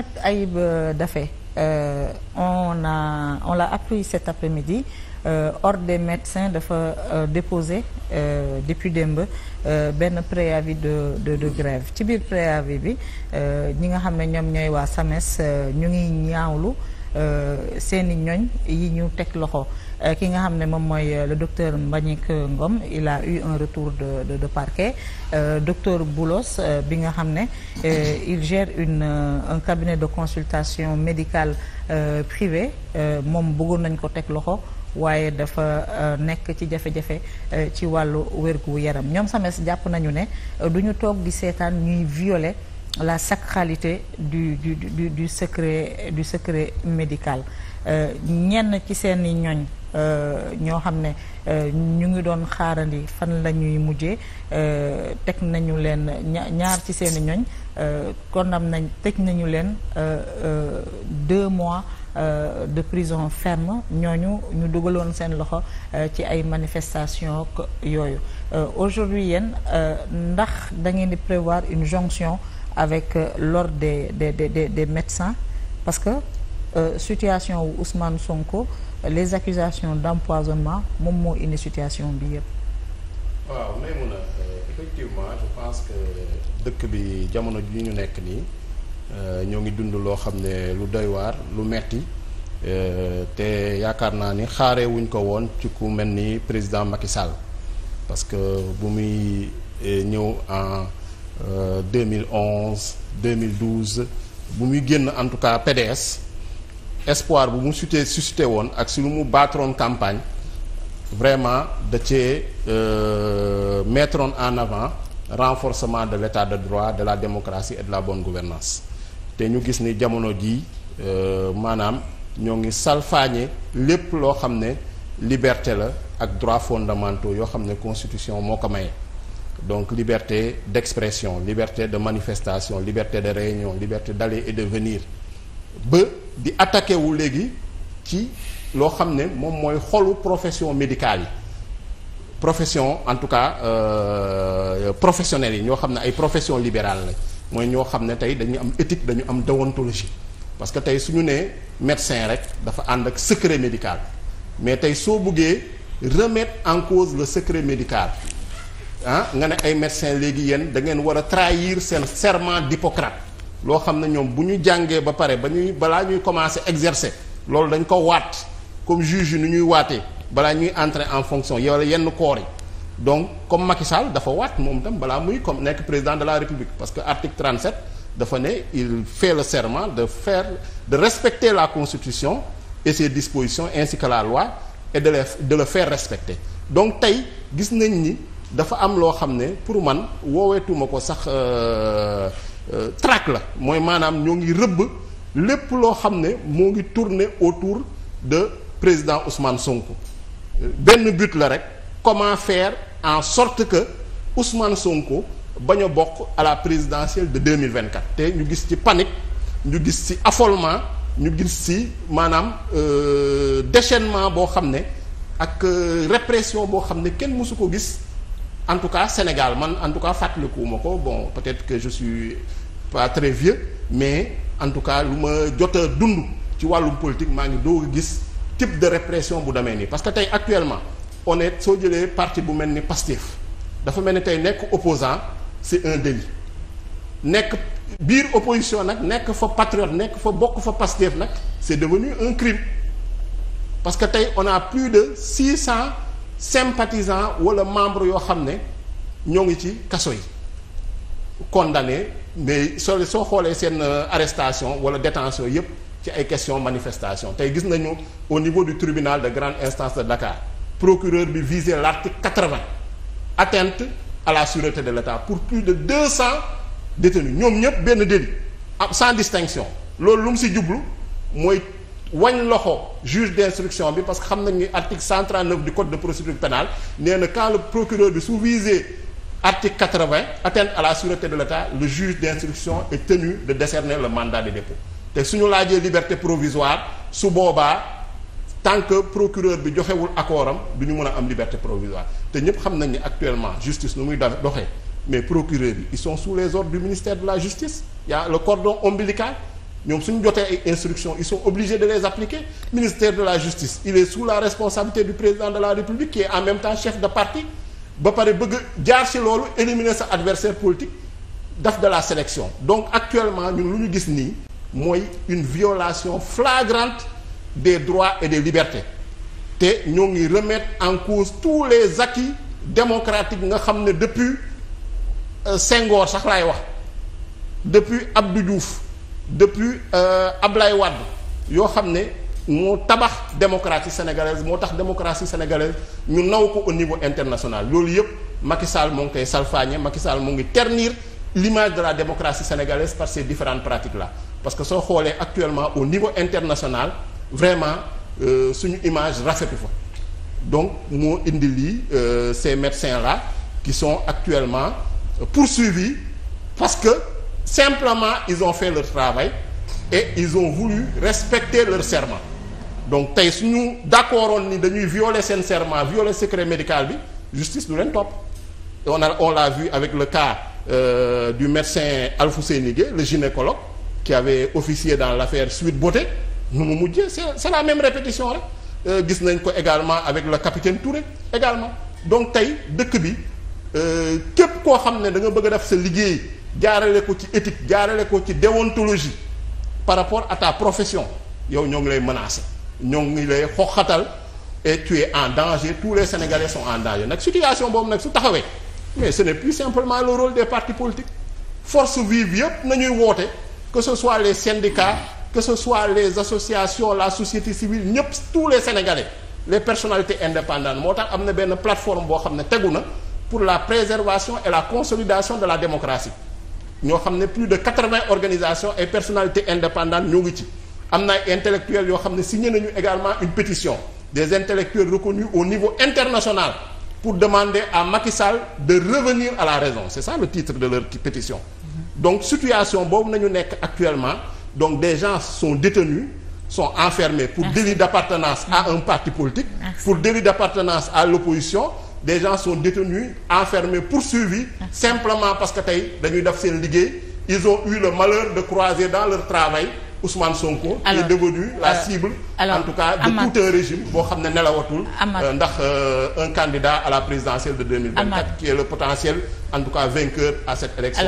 Ahmed Aïb Daffé euh, on a on l'a appris cet après-midi Euh, ordre des médecins dafa euh, déposé euh, depuis démb benn préavis de de de grève ci biir préavis bi ñi nga xam ne ñoom ñooy waa SAMES ñu ngi ñaawlu seeni ñoñ yi ñu teg loxo ki nga xam ne moom mooy le docteur Mbagnick Ngom il a eu un retour de de, de parquet euh, docteur Boulos bi nga xam ne euh, il gère une un cabinet de consultation médicale privée moom bëggoon nañ ko teg loxo waaye dafa euh, nekk ci jafe-jafe euh, ci wàllu wérgu yaram ñoom SAMES jàpp nañu ne euh, du ñu toog seetaan ñuy violer la sacralité du du du du secret du secret médical ñenn ci seeni ñoñ ñoo xam ne ñu ngi doon xaarandi fan la ñuy mujjee teg nañu leen ñaar ci seeni ñoñ condamné nañ teg nañu leen deux mois. Euh, de prison ferme ñooñu ñu dugaloon seen loxo euh, ci ay manifestations yooyu euh, aujourd'hui yéen ndax da ngeen di prévoir une jonction avec l'ordre des des des des médecins parce que situation wu Ousmane Sonko les accusations d'empoisonnement moom moo indi situation bi yëpp. waaw may mun a effectivement je pense que dëkk bi jamono ji ñu nekk nii. Euh, ñoo ngi dund loo xam ne lu doywaar waar lu metti euh, te yaakaar naa ni xaaree ko woon ci ku mel ni président Macky Sall parce que bu muy eh, ñëw en 2011 euh, 2012 bu muy génn en tout cas PDS espoir bu mu suscité suscité woon ak si lu mu baatroon campagne vraiment da cee mettre en avant renforcement de l'état de droit de la démocratie et de la bonne gouvernance te ñu gis ni jamono jii euh, maanaam ñoo ngi salfaañe lépp loo xam ne liberté la ak droits fondamentaux yoo xam ne constitution moo ko maye donc liberté d'expression liberté de manifestation liberté de réunion liberté d'aller et de venir ba di attaqué wu léegi ci loo xam ne moom mooy xolu profession médicale yi profession en tout cas euh, professionnels yi ñoo xam ne ay profession libérale lañ mooy ñoo xam ne tey dañu am éthique dañu am déontologie parce que tey suñu ñu nee médecin rek dafa ànd ak secret médical mais tey soo buggee remettre en cause le secret médical ah nga ne ay médecin léegi yéen da ngeen war a trahir seen serment d'Hippocrate loo xam ne ñoom bu ñu jàngee ba pare ba ñuy balaa ñuy commencer exercer loolu dañ ko waat comme juge yi ni ñuy waatee balaa ñuy entrer en fonction yow la yenn koor yi donc comme Macky Sall dafa waat moom tam balaa muy comme nekk président de la République parce que article 37 dafa ne il fait le serment de faire de respecter la constitution et ses dispositions ainsi que la loi et de les de le faire respecter donc tey gis nañ ni dafa am loo xam ne pour man wooweetuma ko sax euh, euh, traque la mooy maanaam ñoo ngi rëbb lépp loo xam ne moo ngi tourner autour de président Ousmane Sonko euh, benn but la rek comment faire en sorte que Ousmane Sonko bañ a bokk à la présidentielle de 2024 te ñu gis ci panique ñu gis ci affolement ñu gis ci maanaam euh, déchainement boo xam ne ak euh, répression boo xam ne kenn mësu ko gis en tout cas Sénégal man en tout cas fàttalikuwuma ko bon peut-être que je suis pas très vieux mais en tout cas lu ma jot a dund ci wàllum politique maa ngi doog gis type de répression bu demee nii parce que tey actuellement on soo jëlee parti bu mel ni Pastef dafa mel ni tey nekk opposant c'est un délit nekk biir opposition nag nekk fa patriote nekk fa bokk fa Pastef nag c'est devenu un crime parce que tey on a plus de six cent sympathisants wala membres yoo xam ne ñoo ngi ci kaso yi condamné mais soo soo xoolee seen euh, arrestation wala détention yépp ci ay question manifestation tey gis nañu au niveau du tribunal de grande instance de Dakar procureur bi visé l'article quatre-vingt atteinte à la sûreté de l'État pour plus de deux cents détenus ñoom ñëpp benn délit sans distinction loolu lu mu si jublu mooy wañ loxo juge d'instruction bi parce que xam nañ ni article 139 du code de procédure pénale nee na quand le procureur bi su visé article 80 atteinte à la sûreté de l'État le juge d'instruction est tenu de décerner le mandat de dépôt te suñu laajee liberté provisoire su boobaa tant que procureur bi joxewul accord am du ñu mën a am liberté provisoire te ñëpp xam nañ ni actuellement justice nu muy doxee mais procureur yi ils sont sous les ordres du ministère de la justice il y a cordon ombilical ñoom suñu jotee ay instructions ils sont obligés de les appliquer le ministère de la justice il est sous la responsabilité du président de la république qui est en même temps chef de parti ba pare bëgg jaar si loolu éliminer sa adversaire politique daf de la sélection donc actuellement ñun lu ñu gis nii mooy une violation flagrante des droits et des libertés te ñoo ngi remettre en cause tous les acquis démocratiques nga xam ne depuis euh, Senghor sax laay wax depuis Abdou Diouf depuis euh, Ablaye Wade yoo xam ne moo tabax démocratie sénégalaise moo tax démocratie sénégalaise ñu naw ko au niveau international loolu yëpp Macky Sall moo ngi koy salfaañe Macky moo ngi ternir l'image de la démocratie sénégalaise par ces différentes pratiques là parce que soo xoolee actuellement au niveau international vraiment euh, suñu image rafetu fa donc moo indi lii euh, ces médecins là qui sont actuellement euh, poursuivis parce que simplement ils ont fait leur travail et ils ont voulu respecter leur serment donc tey suñu d'accord woon ni dañuy violer seen serment violer secret médical bi justice du leen topp on a on l'a vu avec le cas euh, du médecin Alfousseyni Gueye le gynécologue qui avait officié dans l'affaire Sweet Beauté nu mu mujjee c'est la même répétition rek euh, gis nañ ko également avec la capitaine Touré également donc tey dëkk bi euh, képp koo xam ne da nga bëgg def sa liggéey jaarale ko ci éthique jaarale ko ci déontologie par rapport à profession yow ñoo ngi lay menacer ñoo ngi lay xoxatal et tu es en danger tous les Sénégalais sont en danger nag situation boobu nag su taxawee mais ce n'est plus simplement le rôle des partis politiques force vive yëpp nañuy woote que ce soit les syndicats que ce soit les associations la société civile ñëpp tous les sénégalais les personnalités indépendantes moo tax am na benn plateforme boo xam ne tegu na pour la préservation et la consolidation de la démocratie ñoo xam ne plus de quatre-vingts organisations et personnalités indépendantes ñoo ngi ci am na ay yoo xam ne signé nañu également une pétition des intellectuels reconnus au niveau international pour demander à Macky Sall de revenir à la raison c'est ça le titre de leur pétition donc situation boobu nekk actuellement donc des gens sont détenus sont enfermés pour Merci. délit d'appartenance à un parti politique Merci. pour délit d'appartenance à l'opposition des gens sont détenus enfermés poursuivis Merci. simplement parce que tey dañuy def seen liggéey ils ont eu le malheur de croiser dans leur travail Ousmane Sonko alors, est devenu la euh, cible alors, en tout cas de tout un régime boo xam ne nelawatul euh, ndax euh, un candidat à la présidentielle de 2024 Amad, qui est le potentiel en tout cas vainqueur à cette élection